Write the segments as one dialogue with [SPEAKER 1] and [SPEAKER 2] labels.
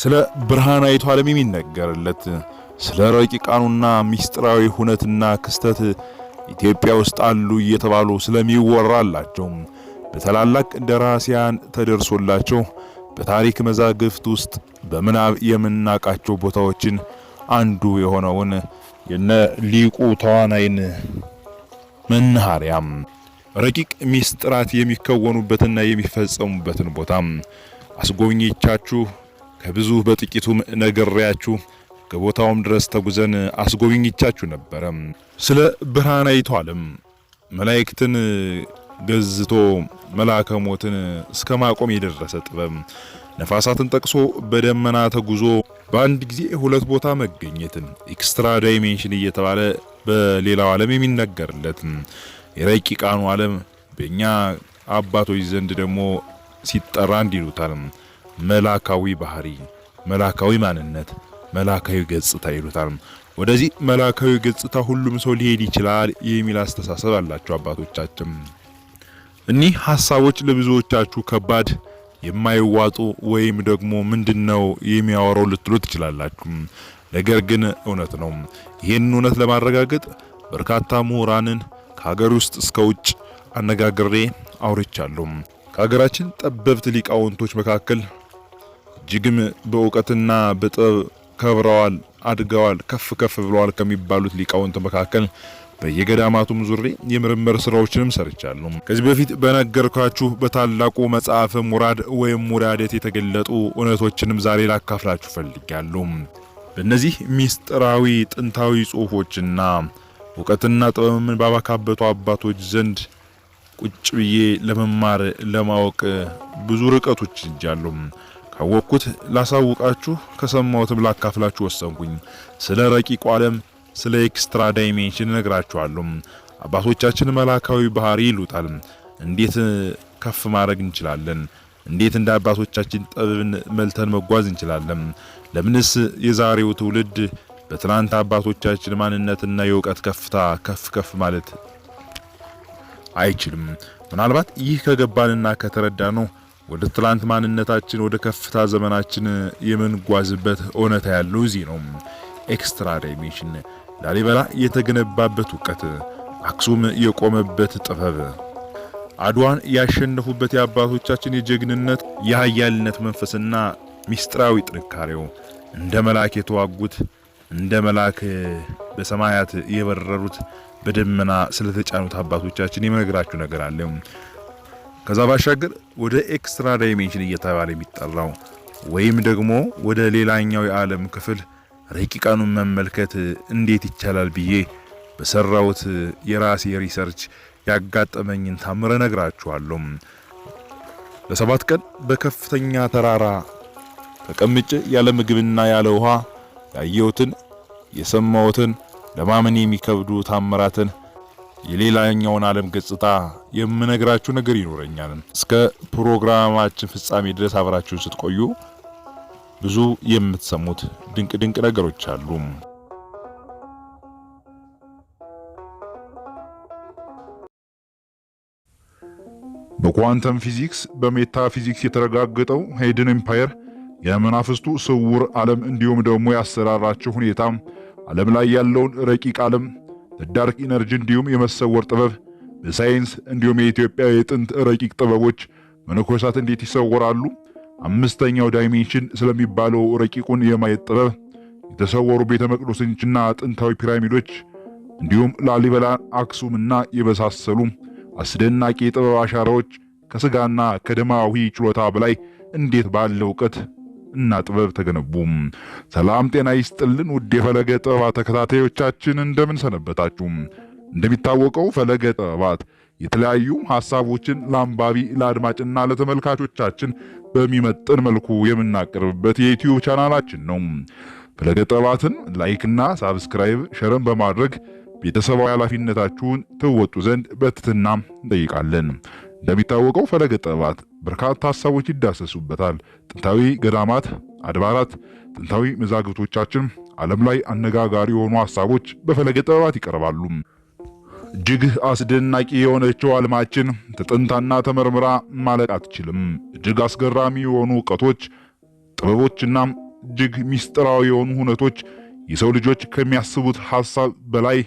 [SPEAKER 1] ስለ አይቶ ዓለም የሚነገርለት ስለ ረቂቃኑና ሚስጥራዊ ሁነትና ክስተት ኢትዮጵያ ውስጥ አሉ እየተባሉ ስለሚወራላቸው በታላላቅ ደራሲያን ተደርሶላቸው በታሪክ መዛግፍት ውስጥ በምናብ የምናቃቸው ቦታዎችን አንዱ የሆነውን የነ ሊቁ ተዋናይን መናኸሪያም ረቂቅ ሚስጥራት የሚከወኑበትና የሚፈጸሙበትን ቦታ አስጎብኝቻችሁ ከብዙ በጥቂቱ ነግሬያችሁ ከቦታውም ድረስ ተጉዘን አስጎብኝቻችሁ ነበረ። ስለ ብርሃናይቱ ዓለም መላእክትን ገዝቶ መልአከ ሞትን እስከ ማቆም የደረሰ ጥበብ ነፋሳትን ጠቅሶ በደመና ተጉዞ በአንድ ጊዜ ሁለት ቦታ መገኘትን ኤክስትራ ዳይሜንሽን እየተባለ በሌላው ዓለም የሚነገርለት የረቂቃኑ ዓለም በእኛ አባቶች ዘንድ ደግሞ ሲጠራ እንዲሉታል መላካዊ ባህሪ፣ መላካዊ ማንነት፣ መላካዊ ገጽታ ይሉታል። ወደዚህ መላካዊ ገጽታ ሁሉም ሰው ሊሄድ ይችላል የሚል አስተሳሰብ አላቸው አባቶቻችን። እኒህ ሀሳቦች ለብዙዎቻችሁ ከባድ የማይዋጡ ወይም ደግሞ ምንድነው የሚያወራው ልትሉ ትችላላችሁ። ነገር ግን እውነት ነው። ይህን እውነት ለማረጋገጥ በርካታ ምሁራንን ከሀገር ውስጥ እስከ ውጭ አነጋግሬ አውርቻለሁ። ከሀገራችን ጠበብት ሊቃውንቶች መካከል እጅግም በእውቀትና በጥበብ ከብረዋል፣ አድገዋል፣ ከፍ ከፍ ብለዋል ከሚባሉት ሊቃውንት መካከል በየገዳማቱም ዙሬ የምርምር ስራዎችንም ሰርቻለሁ። ከዚህ በፊት በነገርኳችሁ በታላቁ መጽሐፍ ሙራድ ወይም ሙራዴት የተገለጡ እውነቶችንም ዛሬ ላካፍላችሁ ፈልጋለሁ። በእነዚህ ሚስጥራዊ ጥንታዊ ጽሁፎችና እውቀትና ጥበብን ባባካበቱ አባቶች ዘንድ ቁጭ ብዬ ለመማር ለማወቅ ብዙ ርቀቶች እጃለሁ። ካወቅኩት ላሳውቃችሁ፣ ከሰማሁትም ላካፍላችሁ ወሰንኩኝ። ስለ ረቂቁ ዓለም ስለ ኤክስትራ ዳይሜንሽን እነግራችኋለሁ። አባቶቻችን መላካዊ ባህሪ ይሉታል። እንዴት ከፍ ማድረግ እንችላለን? እንዴት እንደ አባቶቻችን ጥበብን መልተን መጓዝ እንችላለን? ለምንስ የዛሬው ትውልድ በትናንት አባቶቻችን ማንነትና የእውቀት ከፍታ ከፍ ከፍ ማለት አይችልም? ምናልባት ይህ ከገባንና ከተረዳ ነው ወደ ትላንት ማንነታችን፣ ወደ ከፍታ ዘመናችን የምንጓዝበት እውነታ ያለው እዚህ ነው። ኤክስትራ ዳይሜንሽን ላሊበላ የተገነባበት እውቀት፣ አክሱም የቆመበት ጥበብ፣ አድዋን ያሸነፉበት የአባቶቻችን የጀግንነት የኃያልነት መንፈስና ሚስጥራዊ ጥንካሬው እንደ መልአክ የተዋጉት እንደ መልአክ በሰማያት የበረሩት በደመና ስለተጫኑት አባቶቻችን የምነግራችሁ ነገር አለ። ከዛ ባሻገር ወደ ኤክስትራ ዳይሜንሽን እየተባለ የሚጠራው ወይም ደግሞ ወደ ሌላኛው የዓለም ክፍል ረቂቃኑን መመልከት እንዴት ይቻላል ብዬ በሰራሁት የራሴ ሪሰርች ያጋጠመኝን ታምረ ነግራችኋለሁ። ለሰባት ቀን በከፍተኛ ተራራ ተቀምጬ ያለ ምግብና ያለ ውሃ ያየሁትን የሰማሁትን ለማመን የሚከብዱ ታምራትን የሌላኛውን ዓለም ገጽታ የምነግራችሁ ነገር ይኖረኛል። እስከ ፕሮግራማችን ፍጻሜ ድረስ አብራችሁን ስትቆዩ ብዙ የምትሰሙት ድንቅ ድንቅ ነገሮች አሉ። በኳንተም ፊዚክስ በሜታ ፊዚክስ የተረጋገጠው ሄድን ኤምፓየር የመናፍስቱ ስውር ዓለም እንዲሁም ደግሞ ያሰራራቸው ሁኔታ ዓለም ላይ ያለውን ረቂቅ ዓለም በዳርክ ኢነርጂ እንዲሁም የመሰወር ጥበብ በሳይንስ እንዲሁም የኢትዮጵያ የጥንት ረቂቅ ጥበቦች መነኮሳት እንዴት ይሰወራሉ? አምስተኛው ዳይሜንሽን ስለሚባለው ረቂቁን የማየት ጥበብ የተሰወሩ ቤተ መቅደሶችና ጥንታዊ ፒራሚዶች እንዲሁም ላሊበላ፣ አክሱምና የመሳሰሉ አስደናቂ የጥበብ አሻራዎች ከስጋና ከደማዊ ችሎታ በላይ እንዴት ባለ እውቀት እና ጥበብ ተገነቡ። ሰላም ጤና ይስጥልን ውድ የፈለገ ጥበባት ተከታታዮቻችን እንደምን ሰነበታችሁ? እንደሚታወቀው ፈለገ ጥበባት የተለያዩ ሐሳቦችን ለአንባቢ ለአድማጭና ለተመልካቾቻችን በሚመጥን መልኩ የምናቀርብበት የዩትዩብ ቻናላችን ነው። ፈለገ ጥበባትን ላይክና ሳብስክራይብ ሸረን በማድረግ ቤተሰባዊ ኃላፊነታችሁን ትወጡ ዘንድ በትትና እንጠይቃለን። እንደሚታወቀው ፈለገ ጥበባት በርካታ ሀሳቦች ይዳሰሱበታል። ጥንታዊ ገዳማት፣ አድባራት፣ ጥንታዊ መዛግብቶቻችን፣ ዓለም ላይ አነጋጋሪ የሆኑ ሀሳቦች በፈለገ ጥበባት ይቀርባሉ። እጅግ አስደናቂ የሆነችው ዓለማችን ተጠንታና ተመርምራ ማለቅ አትችልም። እጅግ አስገራሚ የሆኑ እውቀቶች፣ ጥበቦችና እጅግ ሚስጥራዊ የሆኑ ሁነቶች የሰው ልጆች ከሚያስቡት ሀሳብ በላይ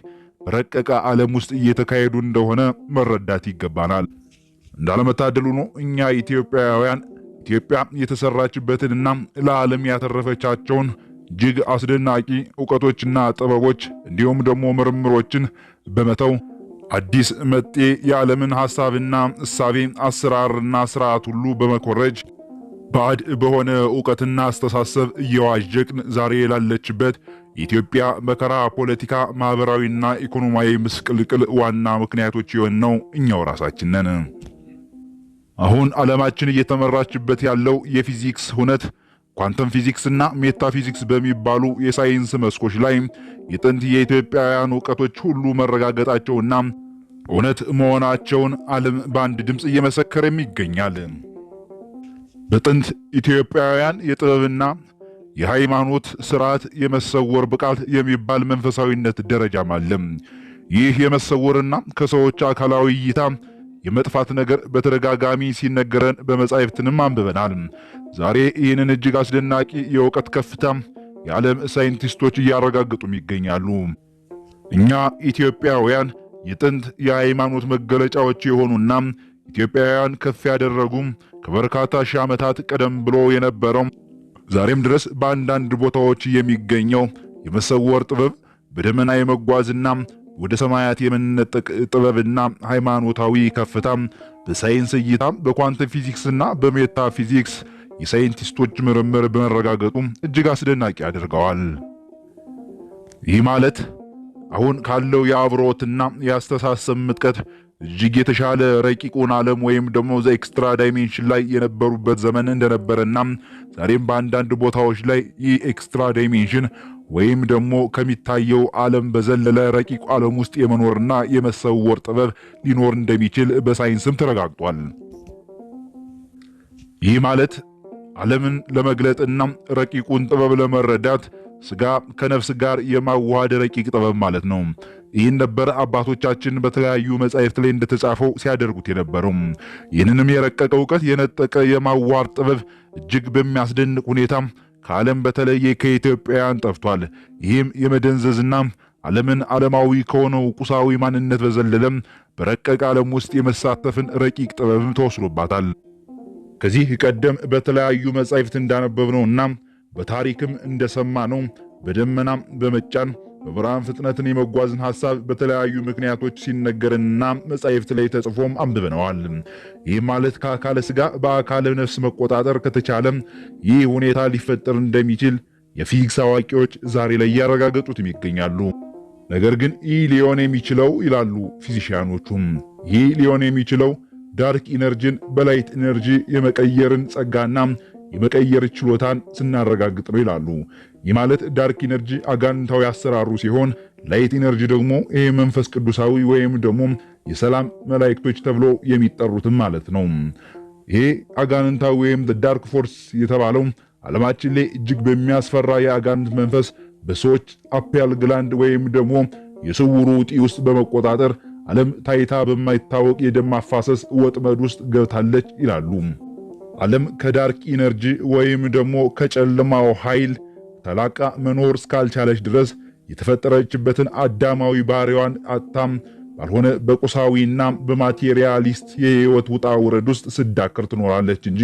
[SPEAKER 1] በረቀቀ ዓለም ውስጥ እየተካሄዱ እንደሆነ መረዳት ይገባናል። እንዳለመታደሉ ነው እኛ ኢትዮጵያውያን ኢትዮጵያ የተሰራችበትንና ለዓለም ያተረፈቻቸውን እጅግ አስደናቂ እውቀቶችና ጥበቦች እንዲሁም ደግሞ ምርምሮችን በመተው አዲስ መጤ የዓለምን ሐሳብና እሳቤ አሰራርና ስርዓት ሁሉ በመኮረጅ ባዕድ በሆነ እውቀትና አስተሳሰብ እየዋዠቅን ዛሬ ላለችበት የኢትዮጵያ መከራ ፖለቲካ፣ ማኅበራዊና ኢኮኖሚያዊ ምስቅልቅል ዋና ምክንያቶች የሆንነው እኛው ራሳችን ነን። አሁን ዓለማችን እየተመራችበት ያለው የፊዚክስ ሁነት ኳንተም ፊዚክስና ሜታፊዚክስ በሚባሉ የሳይንስ መስኮች ላይ የጥንት የኢትዮጵያውያን እውቀቶች ሁሉ መረጋገጣቸውና እውነት መሆናቸውን ዓለም በአንድ ድምፅ እየመሰከረም ይገኛል። በጥንት ኢትዮጵያውያን የጥበብና የሃይማኖት ስርዓት የመሰወር ብቃት የሚባል መንፈሳዊነት ደረጃም አለ። ይህ የመሰወርና ከሰዎች አካላዊ እይታ የመጥፋት ነገር በተደጋጋሚ ሲነገረን በመጻሕፍትንም አንብበናል። ዛሬ ይህንን እጅግ አስደናቂ የእውቀት ከፍታ የዓለም ሳይንቲስቶች እያረጋግጡም ይገኛሉ። እኛ ኢትዮጵያውያን የጥንት የሃይማኖት መገለጫዎች የሆኑና ኢትዮጵያውያን ከፍ ያደረጉም ከበርካታ ሺህ ዓመታት ቀደም ብሎ የነበረው ዛሬም ድረስ በአንዳንድ ቦታዎች የሚገኘው የመሰወር ጥበብ በደመና የመጓዝና ወደ ሰማያት የመነጠቅ ጥበብና ሃይማኖታዊ ከፍታ በሳይንስ እይታ በኳንተም ፊዚክስና በሜታ ፊዚክስ የሳይንቲስቶች ምርምር በመረጋገጡ እጅግ አስደናቂ አድርገዋል። ይህ ማለት አሁን ካለው የአብሮትና የአስተሳሰብ ምጥቀት እጅግ የተሻለ ረቂቁን ዓለም ወይም ደግሞ ዘ ኤክስትራ ዳይሜንሽን ላይ የነበሩበት ዘመን እንደነበረና ዛሬም በአንዳንድ ቦታዎች ላይ ይህ ኤክስትራ ዳይሜንሽን ወይም ደግሞ ከሚታየው ዓለም በዘለለ ረቂቅ ዓለም ውስጥ የመኖርና የመሰወር ጥበብ ሊኖር እንደሚችል በሳይንስም ተረጋግጧል። ይህ ማለት ዓለምን ለመግለጥና ረቂቁን ጥበብ ለመረዳት ስጋ ከነፍስ ጋር የማዋሃድ ረቂቅ ጥበብ ማለት ነው። ይህን ነበር አባቶቻችን በተለያዩ መጻሕፍት ላይ እንደተጻፈው ሲያደርጉት የነበረው። ይህንንም የረቀቀ እውቀት የነጠቀ የማዋሃድ ጥበብ እጅግ በሚያስደንቅ ሁኔታ ከዓለም በተለየ ከኢትዮጵያውያን ጠፍቷል። ይህም የመደንዘዝና ዓለምን ዓለማዊ ከሆነው ቁሳዊ ማንነት በዘለለም በረቀቀ ዓለም ውስጥ የመሳተፍን ረቂቅ ጥበብም ተወስዶባታል። ከዚህ ቀደም በተለያዩ መጻሕፍት እንዳነበብነውና በታሪክም እንደሰማነው በደመናም በመጫን በብርሃን ፍጥነትን የመጓዝን ሐሳብ በተለያዩ ምክንያቶች ሲነገርና መጻሕፍት ላይ ተጽፎም አንብበነዋል። ይህ ማለት ከአካለ ሥጋ በአካለ ነፍስ መቆጣጠር ከተቻለም ይህ ሁኔታ ሊፈጠር እንደሚችል የፊዚክስ አዋቂዎች ዛሬ ላይ እያረጋገጡትም ይገኛሉ። ነገር ግን ይህ ሊሆን የሚችለው ይላሉ ፊዚሽያኖቹም፣ ይህ ሊሆን የሚችለው ዳርክ ኢነርጂን በላይት ኢነርጂ የመቀየርን ጸጋና የመቀየር ችሎታን ስናረጋግጥ ነው ይላሉ። ይህ ማለት ዳርክ ኢነርጂ አጋንንታዊ አሰራሩ ሲሆን ላይት ኢነርጂ ደግሞ ይህ መንፈስ ቅዱሳዊ ወይም ደግሞ የሰላም መላእክቶች ተብሎ የሚጠሩትም ማለት ነው። ይሄ አጋንንታዊ ወይም ዳርክ ፎርስ የተባለው ዓለማችን ላይ እጅግ በሚያስፈራ የአጋንንት መንፈስ በሰዎች አፒያል ግላንድ ወይም ደግሞ የስውሩ ዕጢ ውስጥ በመቆጣጠር ዓለም ታይታ በማይታወቅ የደም አፋሰስ ወጥመድ ውስጥ ገብታለች ይላሉ። ዓለም ከዳርክ ኢነርጂ ወይም ደግሞ ከጨለማው ኃይል ተላቃ መኖር እስካልቻለች ድረስ የተፈጠረችበትን አዳማዊ ባህሪዋን አጣም ባልሆነ በቁሳዊና በማቴሪያሊስት የህይወት ውጣ ውረድ ውስጥ ስዳክር ትኖራለች እንጂ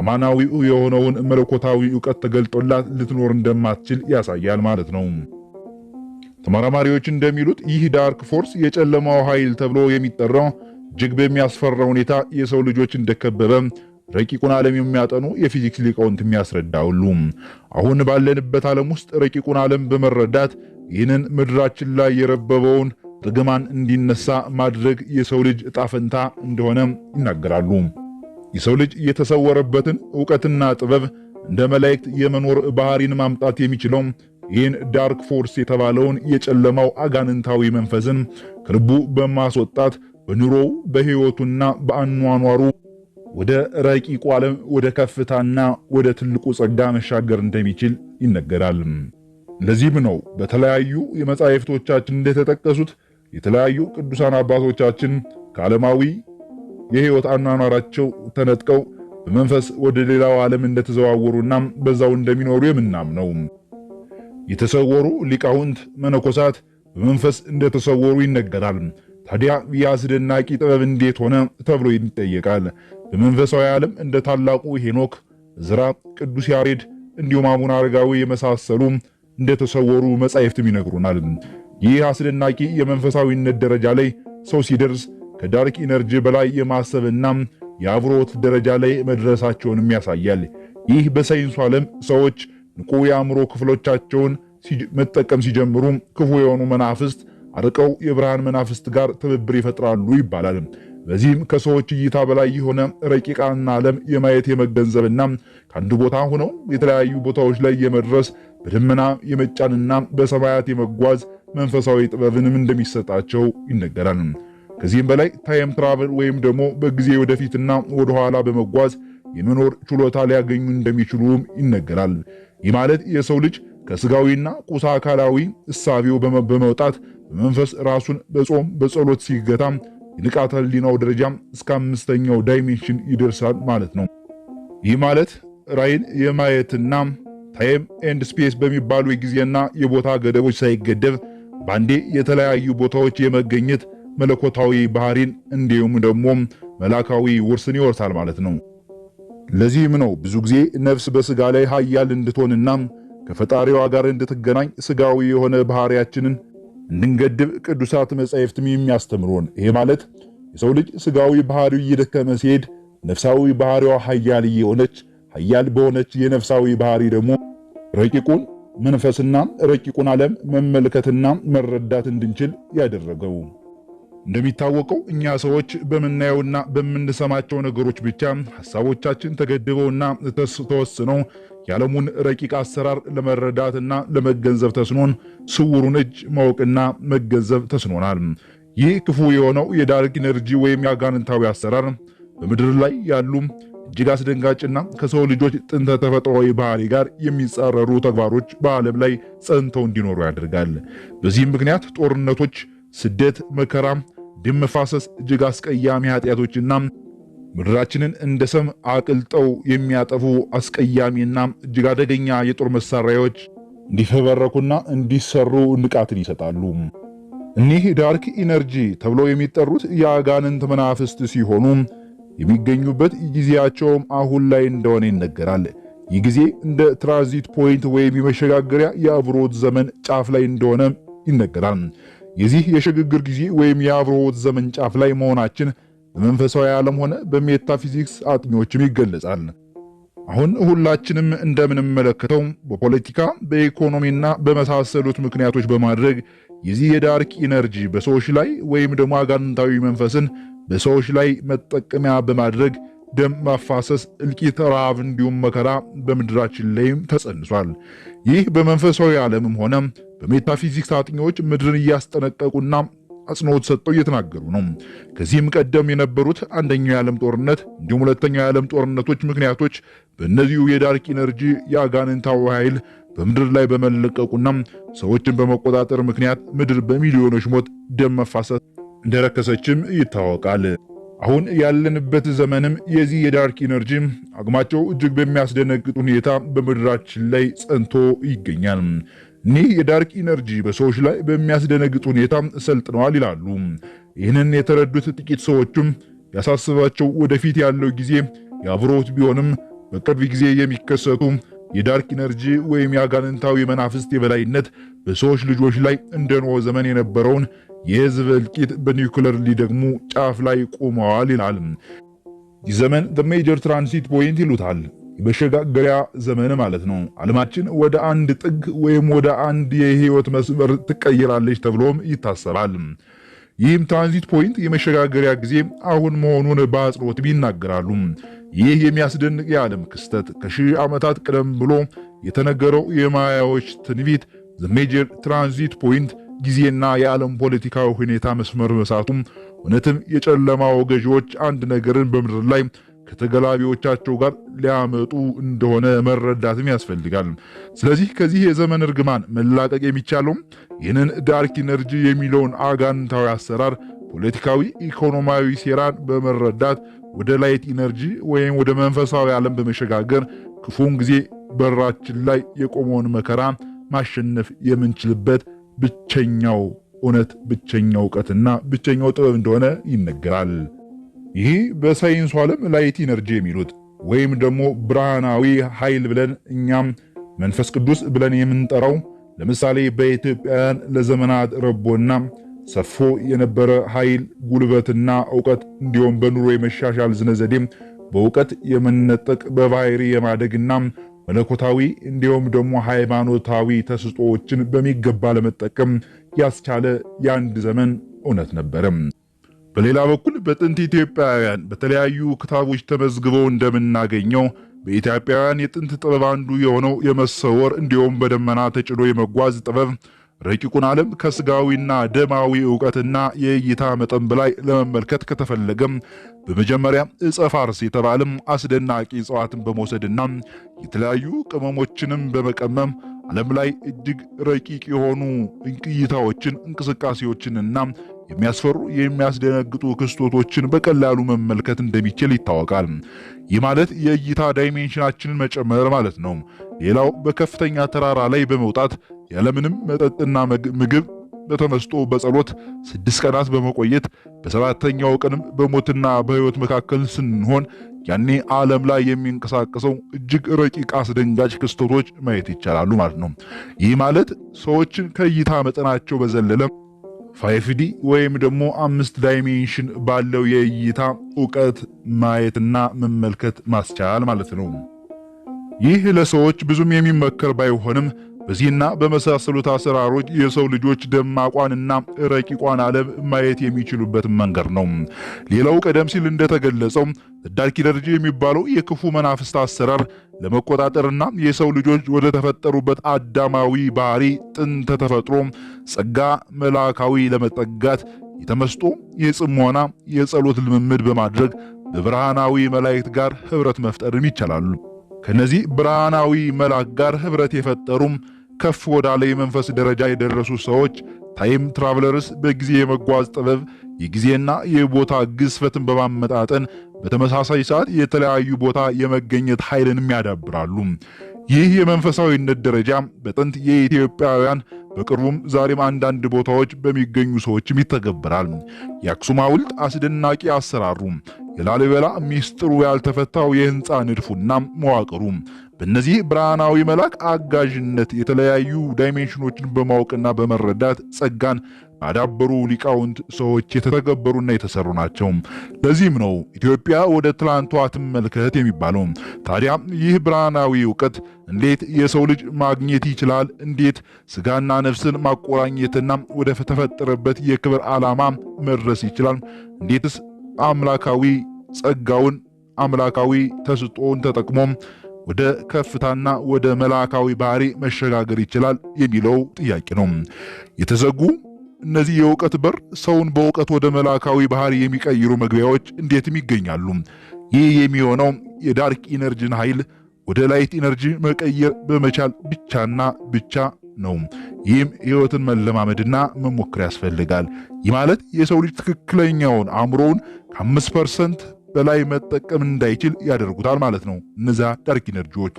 [SPEAKER 1] አማናዊው የሆነውን መለኮታዊ እውቀት ተገልጦላት ልትኖር እንደማትችል ያሳያል ማለት ነው። ተመራማሪዎች እንደሚሉት ይህ ዳርክ ፎርስ የጨለማው ኃይል ተብሎ የሚጠራው እጅግ በሚያስፈራ ሁኔታ የሰው ልጆች እንደከበበ ረቂቁን ዓለም የሚያጠኑ የፊዚክስ ሊቃውንት ሁሉ አሁን ባለንበት ዓለም ውስጥ ረቂቁን ዓለም በመረዳት ይህንን ምድራችን ላይ የረበበውን ርግማን እንዲነሳ ማድረግ የሰው ልጅ ዕጣ ፈንታ እንደሆነ ይናገራሉ። የሰው ልጅ የተሰወረበትን ዕውቀትና ጥበብ እንደ መላእክት የመኖር ባህሪን ማምጣት የሚችለው ይህን ዳርክ ፎርስ የተባለውን የጨለማው አጋንንታዊ መንፈስን ከልቡ በማስወጣት በኑሮው በሕይወቱና በአኗኗሩ ወደ ረቂቁ ዓለም ወደ ከፍታና ወደ ትልቁ ጸጋ መሻገር እንደሚችል ይነገራል። ለዚህም ነው በተለያዩ የመጻሕፍቶቻችን እንደተጠቀሱት የተለያዩ ቅዱሳን አባቶቻችን ከዓለማዊ የሕይወት አኗኗራቸው ተነጥቀው በመንፈስ ወደ ሌላው ዓለም እንደተዘዋወሩና በዛው እንደሚኖሩ የምናምነው። የተሰወሩ ሊቃውንት መነኮሳት በመንፈስ እንደተሰወሩ ይነገራል። ታዲያ ይህ አስደናቂ ጥበብ እንዴት ሆነ ተብሎ ይጠየቃል። በመንፈሳዊ ዓለም እንደ ታላቁ ሄኖክ፣ ዝራ ቅዱስ ያሬድ እንዲሁም አቡነ አረጋዊ የመሳሰሉ እንደተሰወሩ መጻሕፍትም ይነግሩናል። ይህ አስደናቂ የመንፈሳዊነት ደረጃ ላይ ሰው ሲደርስ ከዳርክ ኢነርጂ በላይ የማሰብና የአብሮት ደረጃ ላይ መድረሳቸውንም ያሳያል። ይህ በሳይንሱ ዓለም ሰዎች ንቁ የአእምሮ ክፍሎቻቸውን መጠቀም ሲጀምሩ ክፉ የሆኑ መናፍስት አርቀው የብርሃን መናፍስት ጋር ትብብር ይፈጥራሉ ይባላል። በዚህም ከሰዎች እይታ በላይ የሆነ ረቂቃን ዓለም የማየት የመገንዘብና ከአንድ ቦታ ሆነው የተለያዩ ቦታዎች ላይ የመድረስ በደመና የመጫንና በሰማያት የመጓዝ መንፈሳዊ ጥበብንም እንደሚሰጣቸው ይነገራል። ከዚህም በላይ ታይም ትራቨል ወይም ደግሞ በጊዜ ወደፊትና ወደኋላ በመጓዝ የመኖር ችሎታ ሊያገኙ እንደሚችሉም ይነገራል። ይህ ማለት የሰው ልጅ ከስጋዊና ቁሳ አካላዊ እሳቤው በመውጣት በመንፈስ ራሱን በጾም በጸሎት ሲገታ የንቃተ ህሊናው ደረጃም እስከ አምስተኛው ዳይሜንሽን ይደርሳል ማለት ነው። ይህ ማለት ራይን የማየትና ታይም ኤንድ ስፔስ በሚባሉ የጊዜና የቦታ ገደቦች ሳይገደብ በአንዴ የተለያዩ ቦታዎች የመገኘት መለኮታዊ ባህሪን እንዲሁም ደግሞ መላካዊ ውርስን ይወርሳል ማለት ነው። ለዚህም ነው ብዙ ጊዜ ነፍስ በስጋ ላይ ሀያል እንድትሆንና ከፈጣሪዋ ጋር እንድትገናኝ ስጋዊ የሆነ ባህሪያችንን እንድንገድብ ቅዱሳት መጻሕፍትም የሚያስተምሩን። ይሄ ማለት የሰው ልጅ ስጋዊ ባህሪው እየደከመ ሲሄድ ነፍሳዊ ባህሪዋ ኃያል እየሆነች ኃያል በሆነች የነፍሳዊ ባህሪ ደግሞ ረቂቁን መንፈስና ረቂቁን ዓለም መመልከትና መረዳት እንድንችል ያደረገው እንደሚታወቀው እኛ ሰዎች በምናየውና በምንሰማቸው ነገሮች ብቻ ሀሳቦቻችን ተገድበውና ተወስነው የዓለሙን ረቂቅ አሰራር ለመረዳትና ለመገንዘብ ተስኖን ስውሩን እጅ ማወቅና መገንዘብ ተስኖናል። ይህ ክፉ የሆነው የዳርክ ኢነርጂ ወይም የአጋንንታዊ አሰራር በምድር ላይ ያሉ እጅግ አስደንጋጭና ከሰው ልጆች ጥንተ ተፈጥሯዊ ባህሪ ጋር የሚጻረሩ ተግባሮች በዓለም ላይ ጸንተው እንዲኖሩ ያደርጋል። በዚህም ምክንያት ጦርነቶች፣ ስደት፣ መከራም ደም መፋሰስ እጅግ አስቀያሚ ኃጢአቶችና ምድራችንን እንደ ሰም አቅልጠው የሚያጠፉ አስቀያሚና እጅግ አደገኛ የጦር መሳሪያዎች እንዲፈበረኩና እንዲሰሩ ንቃትን ይሰጣሉ። እኒህ ዳርክ ኢነርጂ ተብለው የሚጠሩት የአጋንንት መናፍስት ሲሆኑ የሚገኙበት ጊዜያቸውም አሁን ላይ እንደሆነ ይነገራል። ይህ ጊዜ እንደ ትራንዚት ፖይንት ወይም የመሸጋገሪያ የአብሮት ዘመን ጫፍ ላይ እንደሆነ ይነገራል። የዚህ የሽግግር ጊዜ ወይም የአብሮት ዘመን ጫፍ ላይ መሆናችን በመንፈሳዊ ዓለም ሆነ በሜታፊዚክስ አጥኚዎችም ይገለጻል። አሁን ሁላችንም እንደምንመለከተው በፖለቲካ በኢኮኖሚና በመሳሰሉት ምክንያቶች በማድረግ የዚህ የዳርክ ኢነርጂ በሰዎች ላይ ወይም ደግሞ አጋንንታዊ መንፈስን በሰዎች ላይ መጠቀሚያ በማድረግ ደም ማፋሰስ፣ እልቂት፣ ረሃብ እንዲሁም መከራ በምድራችን ላይም ተጸንሷል። ይህ በመንፈሳዊ ዓለምም ሆነ በሜታፊዚክስ አጥኚዎች ምድርን እያስጠነቀቁና አጽንኦት ሰጥተው እየተናገሩ ነው። ከዚህም ቀደም የነበሩት አንደኛው የዓለም ጦርነት እንዲሁም ሁለተኛው የዓለም ጦርነቶች ምክንያቶች በእነዚሁ የዳርክ ኢነርጂ የአጋንንታዊ ኃይል በምድር ላይ በመለቀቁና ሰዎችን በመቆጣጠር ምክንያት ምድር በሚሊዮኖች ሞት፣ ደም መፋሰስ እንደረከሰችም ይታወቃል። አሁን ያለንበት ዘመንም የዚህ የዳርክ ኢነርጂ አቅማቸው እጅግ በሚያስደነግጥ ሁኔታ በምድራችን ላይ ጸንቶ ይገኛል። እኒህ የዳርክ ኢነርጂ በሰዎች ላይ በሚያስደነግጥ ሁኔታ ሰልጥነዋል ይላሉ። ይህንን የተረዱት ጥቂት ሰዎችም ያሳስባቸው ወደፊት ያለው ጊዜ የአብሮት ቢሆንም በቅርብ ጊዜ የሚከሰቱ የዳርክ ኢነርጂ ወይም የአጋንንታዊ መናፍስት የበላይነት በሰዎች ልጆች ላይ እንደ ዘመን የነበረውን የህዝብ እልቂት በኒውክለር ሊደግሙ ጫፍ ላይ ቆመዋል ይላል። ይህ ዘመን ዘ ሜጀር ትራንሲት ፖይንት ይሉታል። የመሸጋገሪያ ዘመን ማለት ነው። ዓለማችን ወደ አንድ ጥግ ወይም ወደ አንድ የህይወት መስመር ትቀይራለች ተብሎም ይታሰባል። ይህም ትራንዚት ፖይንት የመሸጋገሪያ ጊዜ አሁን መሆኑን በአጽንኦት ይናገራሉ። ይህ የሚያስደንቅ የዓለም ክስተት ከሺህ ዓመታት ቀደም ብሎ የተነገረው የማያዎች ትንቢት ዘ ሜጀር ትራንዚት ፖይንት ጊዜና የዓለም ፖለቲካዊ ሁኔታ መስመር መሳቱም እውነትም የጨለማው ገዢዎች አንድ ነገርን በምድር ላይ ከተገላቢዎቻቸው ጋር ሊያመጡ እንደሆነ መረዳትም ያስፈልጋል። ስለዚህ ከዚህ የዘመን እርግማን መላቀቅ የሚቻለውም ይህንን ዳርክ ኢነርጂ የሚለውን አጋንንታዊ አሰራር ፖለቲካዊ፣ ኢኮኖሚያዊ ሴራን በመረዳት ወደ ላይት ኢነርጂ ወይም ወደ መንፈሳዊ ዓለም በመሸጋገር ክፉን ጊዜ በራችን ላይ የቆመውን መከራ ማሸነፍ የምንችልበት ብቸኛው እውነት፣ ብቸኛው እውቀትና ብቸኛው ጥበብ እንደሆነ ይነገራል። ይህ በሳይንሱ ዓለም ላይት ኢነርጂ የሚሉት ወይም ደግሞ ብርሃናዊ ኃይል ብለን እኛም መንፈስ ቅዱስ ብለን የምንጠራው ለምሳሌ በኢትዮጵያውያን ለዘመናት ረቦና ሰፎ የነበረ ኃይል ጉልበትና እውቀት እንዲሁም በኑሮ የመሻሻል ዝነዘዴ በእውቀት የመነጠቅ በባህሪ የማደግና መለኮታዊ እንዲሁም ደግሞ ሃይማኖታዊ ተስጦዎችን በሚገባ ለመጠቀም ያስቻለ የአንድ ዘመን እውነት ነበረ። በሌላ በኩል በጥንት ኢትዮጵያውያን በተለያዩ ክታቦች ተመዝግበው እንደምናገኘው በኢትዮጵያውያን የጥንት ጥበብ አንዱ የሆነው የመሰወር እንዲሁም በደመና ተጭኖ የመጓዝ ጥበብ ረቂቁን ዓለም ከስጋዊና ደማዊ እውቀትና የእይታ መጠን በላይ ለመመልከት ከተፈለገም በመጀመሪያ ዕፀ ፋርስ የተባለም አስደናቂ እጽዋትን በመውሰድና የተለያዩ ቅመሞችንም በመቀመም ዓለም ላይ እጅግ ረቂቅ የሆኑ እይታዎችን፣ እንቅስቃሴዎችንና የሚያስፈሩ የሚያስደነግጡ ክስተቶችን በቀላሉ መመልከት እንደሚችል ይታወቃል። ይህ ማለት የእይታ ዳይሜንሽናችንን መጨመር ማለት ነው። ሌላው በከፍተኛ ተራራ ላይ በመውጣት ያለምንም መጠጥና ምግብ በተመስጦ በጸሎት ስድስት ቀናት በመቆየት በሰባተኛው ቀንም በሞትና በሕይወት መካከል ስንሆን ያኔ ዓለም ላይ የሚንቀሳቀሰው እጅግ ረቂቅ አስደንጋጭ ክስተቶች ማየት ይቻላሉ ማለት ነው። ይህ ማለት ሰዎችን ከእይታ መጠናቸው በዘለለም ፋይፍዲ ወይም ደግሞ አምስት ዳይሜንሽን ባለው የእይታ እውቀት ማየትና መመልከት ማስቻል ማለት ነው። ይህ ለሰዎች ብዙም የሚመከር ባይሆንም በዚህና በመሳሰሉት አሰራሮች የሰው ልጆች ደማቋንና ረቂቋን ዓለም ማየት የሚችሉበት መንገድ ነው። ሌላው ቀደም ሲል እንደተገለጸው ተዳርኪ ደረጃ የሚባለው የክፉ መናፍስት አሰራር ለመቆጣጠርና የሰው ልጆች ወደ ተፈጠሩበት አዳማዊ ባህሪ ጥንተ ተፈጥሮ ጸጋ መላካዊ ለመጠጋት የተመስጦ የጽሞና የጸሎት ልምምድ በማድረግ በብርሃናዊ መላእክት ጋር ኅብረት መፍጠርም ይቻላሉ። ከነዚህ ብርሃናዊ መላክ ጋር ኅብረት የፈጠሩም ከፍ ወዳለ የመንፈስ ደረጃ የደረሱ ሰዎች ታይም ትራቨለርስ በጊዜ የመጓዝ ጥበብ የጊዜና የቦታ ግዝፈትን በማመጣጠን በተመሳሳይ ሰዓት የተለያዩ ቦታ የመገኘት ኃይልንም ያዳብራሉ። ይህ የመንፈሳዊነት ደረጃ በጥንት የኢትዮጵያውያን በቅርቡም ዛሬም አንዳንድ ቦታዎች በሚገኙ ሰዎችም ይተገበራል። የአክሱም ሐውልት አስደናቂ አሰራሩ፣ የላሊበላ ሚስጥሩ ያልተፈታው የህንፃ ንድፉና መዋቅሩ በእነዚህ ብርሃናዊ መልአክ አጋዥነት የተለያዩ ዳይሜንሽኖችን በማወቅና በመረዳት ጸጋን ባዳበሩ ሊቃውንት ሰዎች የተተገበሩና የተሰሩ ናቸው። ለዚህም ነው ኢትዮጵያ ወደ ትላንቷ ትመልከት የሚባለው። ታዲያ ይህ ብርሃናዊ እውቀት እንዴት የሰው ልጅ ማግኘት ይችላል? እንዴት ስጋና ነፍስን ማቆራኘትና ወደ ተፈጠረበት የክብር ዓላማ መድረስ ይችላል? እንዴትስ አምላካዊ ጸጋውን አምላካዊ ተስጦን ተጠቅሞም ወደ ከፍታና ወደ መላካዊ ባህሪ መሸጋገር ይችላል የሚለው ጥያቄ ነው። የተዘጉ እነዚህ የእውቀት በር ሰውን በእውቀት ወደ መላካዊ ባህሪ የሚቀይሩ መግቢያዎች እንዴትም ይገኛሉ። ይህ የሚሆነው የዳርክ ኢነርጂን ኃይል ወደ ላይት ኢነርጂ መቀየር በመቻል ብቻና ብቻ ነው። ይህም ህይወትን መለማመድና መሞከር ያስፈልጋል። ይህ ማለት የሰው ልጅ ትክክለኛውን አእምሮውን ከአምስት ፐርሰንት በላይ መጠቀም እንዳይችል ያደርጉታል ማለት ነው። እነዛ ዳርክ ኢነርጂዎች።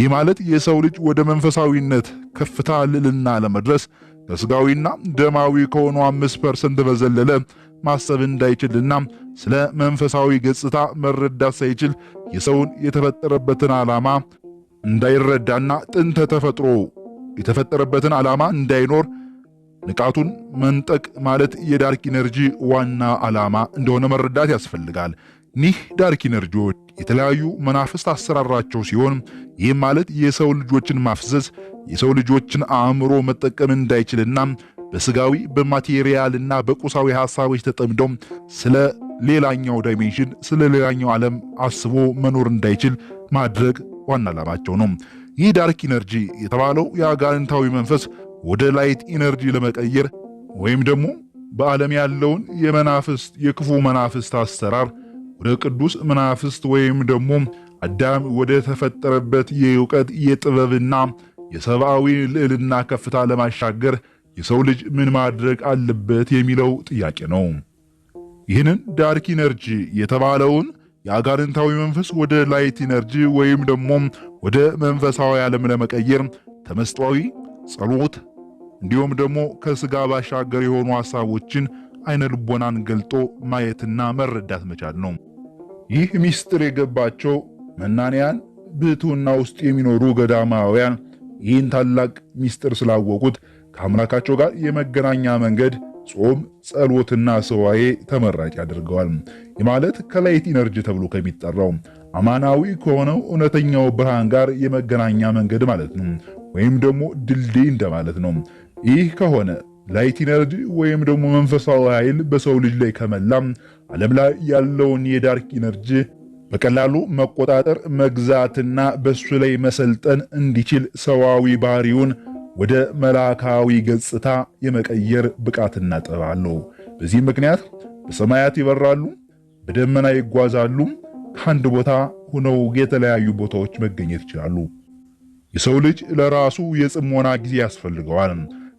[SPEAKER 1] ይህ ማለት የሰው ልጅ ወደ መንፈሳዊነት ከፍታ ልዕልና ለመድረስ ከስጋዊና ደማዊ ከሆኑ አምስት ፐርሰንት በዘለለ ማሰብ እንዳይችልና ስለ መንፈሳዊ ገጽታ መረዳት ሳይችል የሰውን የተፈጠረበትን ዓላማ እንዳይረዳና ጥንተ ተፈጥሮ የተፈጠረበትን ዓላማ እንዳይኖር ንቃቱን መንጠቅ ማለት የዳርክ ኢነርጂ ዋና ዓላማ እንደሆነ መረዳት ያስፈልጋል። እኒህ ዳርኪ ኢነርጂዎች የተለያዩ መናፍስት አሰራራቸው ሲሆን ይህም ማለት የሰው ልጆችን ማፍዘዝ የሰው ልጆችን አእምሮ መጠቀም እንዳይችልና በስጋዊ በማቴሪያልና በቁሳዊ ሐሳቦች ተጠምደው ስለ ሌላኛው ዳይሜንሽን ስለ ሌላኛው ዓለም አስቦ መኖር እንዳይችል ማድረግ ዋና ዓላማቸው ነው። ይህ ዳርክ ኢነርጂ የተባለው የአጋንንታዊ መንፈስ ወደ ላይት ኢነርጂ ለመቀየር ወይም ደግሞ በዓለም ያለውን የመናፍስት የክፉ መናፍስት አሰራር ወደ ቅዱስ መናፍስት ወይም ደግሞ አዳም ወደ ተፈጠረበት የእውቀት የጥበብና የሰብአዊ ልዕልና ከፍታ ለማሻገር የሰው ልጅ ምን ማድረግ አለበት የሚለው ጥያቄ ነው። ይህንን ዳርክ ኢነርጂ የተባለውን የአጋንንታዊ መንፈስ ወደ ላይት ኢነርጂ ወይም ደግሞ ወደ መንፈሳዊ ዓለም ለመቀየር ተመስጧዊ ጸሎት እንዲሁም ደግሞ ከስጋ ባሻገር የሆኑ ሐሳቦችን አይነ ልቦናን ገልጦ ማየትና መረዳት መቻል ነው። ይህ ምስጢር የገባቸው መናንያን ብሕትውና ውስጥ የሚኖሩ ገዳማውያን ይህን ታላቅ ምስጢር ስላወቁት ከአምላካቸው ጋር የመገናኛ መንገድ ጾም፣ ጸሎትና ሰዋዬ ተመራጭ ያደርገዋል። የማለት ከላይት ኢነርጂ ተብሎ ከሚጠራው አማናዊ ከሆነው እውነተኛው ብርሃን ጋር የመገናኛ መንገድ ማለት ነው፣ ወይም ደግሞ ድልድይ እንደማለት ነው። ይህ ከሆነ ላይት ኢነርጂ ወይም ደግሞ መንፈሳዊ ኃይል በሰው ልጅ ላይ ከመላም ዓለም ላይ ያለውን የዳርክ ኢነርጂ በቀላሉ መቆጣጠር መግዛትና በሱ ላይ መሰልጠን እንዲችል ሰዋዊ ባህሪውን ወደ መላካዊ ገጽታ የመቀየር ብቃትና ጥበብ አለው። በዚህ ምክንያት በሰማያት ይበራሉ፣ በደመና ይጓዛሉ፣ ከአንድ ቦታ ሆነው የተለያዩ ቦታዎች መገኘት ይችላሉ። የሰው ልጅ ለራሱ የጽሞና ጊዜ ያስፈልገዋል።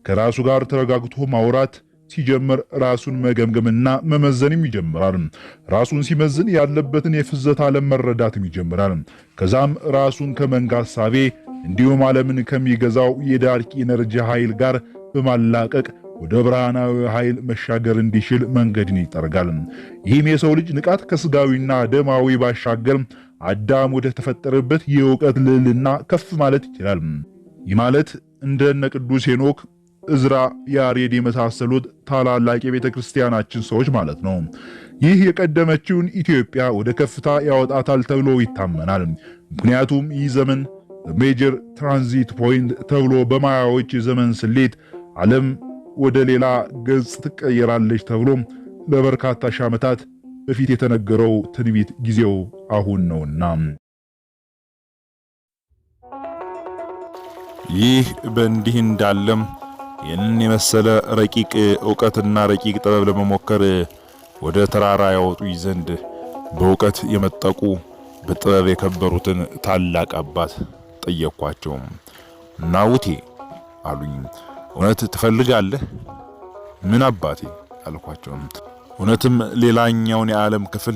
[SPEAKER 1] ከራሱ ጋር ተረጋግቶ ማውራት ሲጀምር ራሱን መገምገምና መመዘንም ይጀምራል። ራሱን ሲመዝን ያለበትን የፍዘት ዓለም መረዳትም ይጀምራል። ከዛም ራሱን ከመንጋ ሐሳቤ እንዲሁም ዓለምን ከሚገዛው የዳርክ ኢነርጂ ኃይል ጋር በማላቀቅ ወደ ብርሃናዊ ኃይል መሻገር እንዲችል መንገድን ይጠርጋል። ይህም የሰው ልጅ ንቃት ከስጋዊና ደማዊ ባሻገር አዳም ወደ ተፈጠረበት የእውቀት ልዕልና ከፍ ማለት ይችላል። ይህ ማለት እንደነ ቅዱስ ሄኖክ እዝራ፣ ያሬድ የመሳሰሉት ታላላቅ የቤተ ክርስቲያናችን ሰዎች ማለት ነው። ይህ የቀደመችውን ኢትዮጵያ ወደ ከፍታ ያወጣታል ተብሎ ይታመናል። ምክንያቱም ይህ ዘመን ሜጀር ትራንዚት ፖይንት ተብሎ በማያዎች የዘመን ስሌት ዓለም ወደ ሌላ ገጽ ትቀየራለች ተብሎ በበርካታ ሺህ ዓመታት በፊት የተነገረው ትንቢት ጊዜው አሁን ነውና። ይህ በእንዲህ እንዳለም ይህንን የመሰለ ረቂቅ እውቀትና ረቂቅ ጥበብ ለመሞከር ወደ ተራራ ያወጡኝ ዘንድ በእውቀት የመጠቁ በጥበብ የከበሩትን ታላቅ አባት ጠየቅኳቸው። ናውቴ አሉኝ፣ እውነት ትፈልጋለህ? ምን አባቴ አልኳቸው እውነትም ሌላኛውን የዓለም ክፍል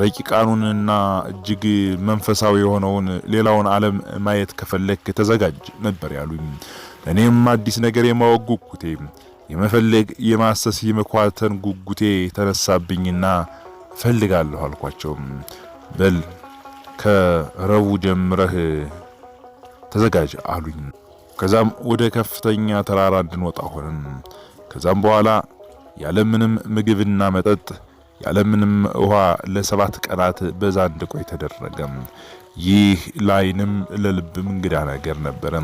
[SPEAKER 1] ረቂቃኑንና እጅግ መንፈሳዊ የሆነውን ሌላውን ዓለም ማየት ከፈለክ ተዘጋጅ ነበር ያሉኝ። እኔም አዲስ ነገር የማወቅ ጉጉቴ፣ የመፈለግ የማሰስ፣ የመኳተን ጉጉቴ ተነሳብኝና ፈልጋለሁ አልኳቸው። በል ከረቡ ጀምረህ ተዘጋጅ አሉኝ። ከዛም ወደ ከፍተኛ ተራራ እንድንወጣ ሆንን። ከዛም በኋላ ያለምንም ምግብና መጠጥ ያለምንም ውሃ ለሰባት ቀናት በዛ እንድቆይ ተደረገ። ይህ ላይንም ለልብም እንግዳ ነገር ነበረ።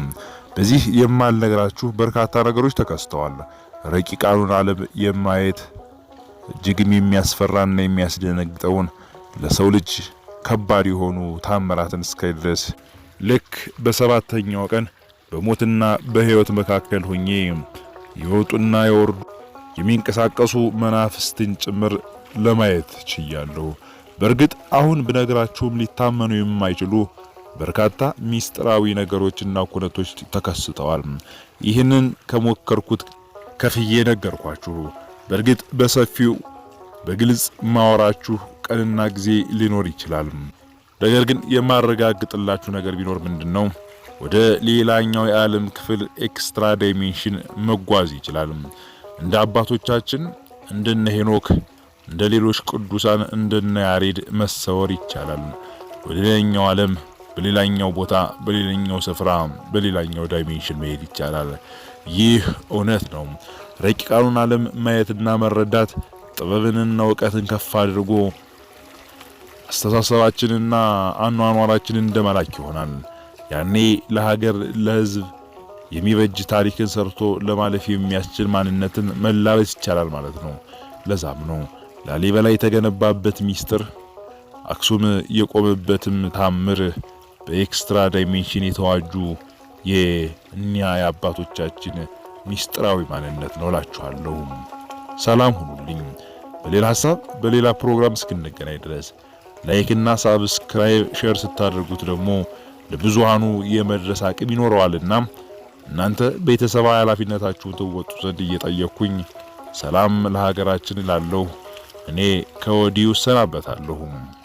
[SPEAKER 1] በዚህ የማልነግራችሁ በርካታ ነገሮች ተከስተዋል። ረቂቃኑን ዓለም የማየት እጅግም የሚያስፈራና የሚያስደነግጠውን ለሰው ልጅ ከባድ የሆኑ ታምራትን እስካይ ድረስ ልክ በሰባተኛው ቀን በሞትና በሕይወት መካከል ሆኜ የወጡና የወርዱ የሚንቀሳቀሱ መናፍስትን ጭምር ለማየት ችያለሁ። በእርግጥ አሁን ብነግራችሁም ሊታመኑ የማይችሉ በርካታ ሚስጥራዊ ነገሮችና ኩነቶች ተከስተዋል። ይህንን ከሞከርኩት ከፍዬ ነገርኳችሁ። በእርግጥ በሰፊው በግልጽ ማወራችሁ ቀንና ጊዜ ሊኖር ይችላል። ነገር ግን የማረጋግጥላችሁ ነገር ቢኖር ምንድነው፣ ወደ ሌላኛው የዓለም ክፍል ኤክስትራ ዳይሜንሽን መጓዝ ይችላል። እንደ አባቶቻችን እንደነ ሄኖክ፣ እንደ ሌሎች ቅዱሳን እንደነ ያሬድ መሰወር ይቻላል። ወደ ሌላኛው ዓለም በሌላኛው ቦታ፣ በሌላኛው ስፍራ፣ በሌላኛው ዳይሜንሽን መሄድ ይቻላል። ይህ እውነት ነው። ረቂቃኑን ዓለም ማየትና መረዳት ጥበብንና እውቀትን ከፍ አድርጎ አስተሳሰባችንና አኗኗራችንን እንደመላክ ይሆናል። ያኔ ለሀገር ለሕዝብ የሚበጅ ታሪክን ሰርቶ ለማለፍ የሚያስችል ማንነትን መላበስ ይቻላል ማለት ነው። ለዛም ነው ላሊበላ የተገነባበት ሚስጥር፣ አክሱም የቆመበትም ታምር በኤክስትራ ዳይሜንሽን የተዋጁ የእኒያ የአባቶቻችን ሚስጥራዊ ማንነት ነው እላችኋለሁ። ሰላም ሁኑልኝ። በሌላ ሀሳብ በሌላ ፕሮግራም እስክንገናኝ ድረስ ላይክና ሳብስክራይብ ሼር ስታደርጉት ደግሞ ለብዙሃኑ የመድረስ አቅም ይኖረዋልና እናንተ ቤተሰባዊ ኃላፊነታችሁን ትወጡ ዘንድ እየጠየቅኩኝ ሰላም ለሀገራችን እላለሁ። እኔ ከወዲሁ እሰናበታለሁ።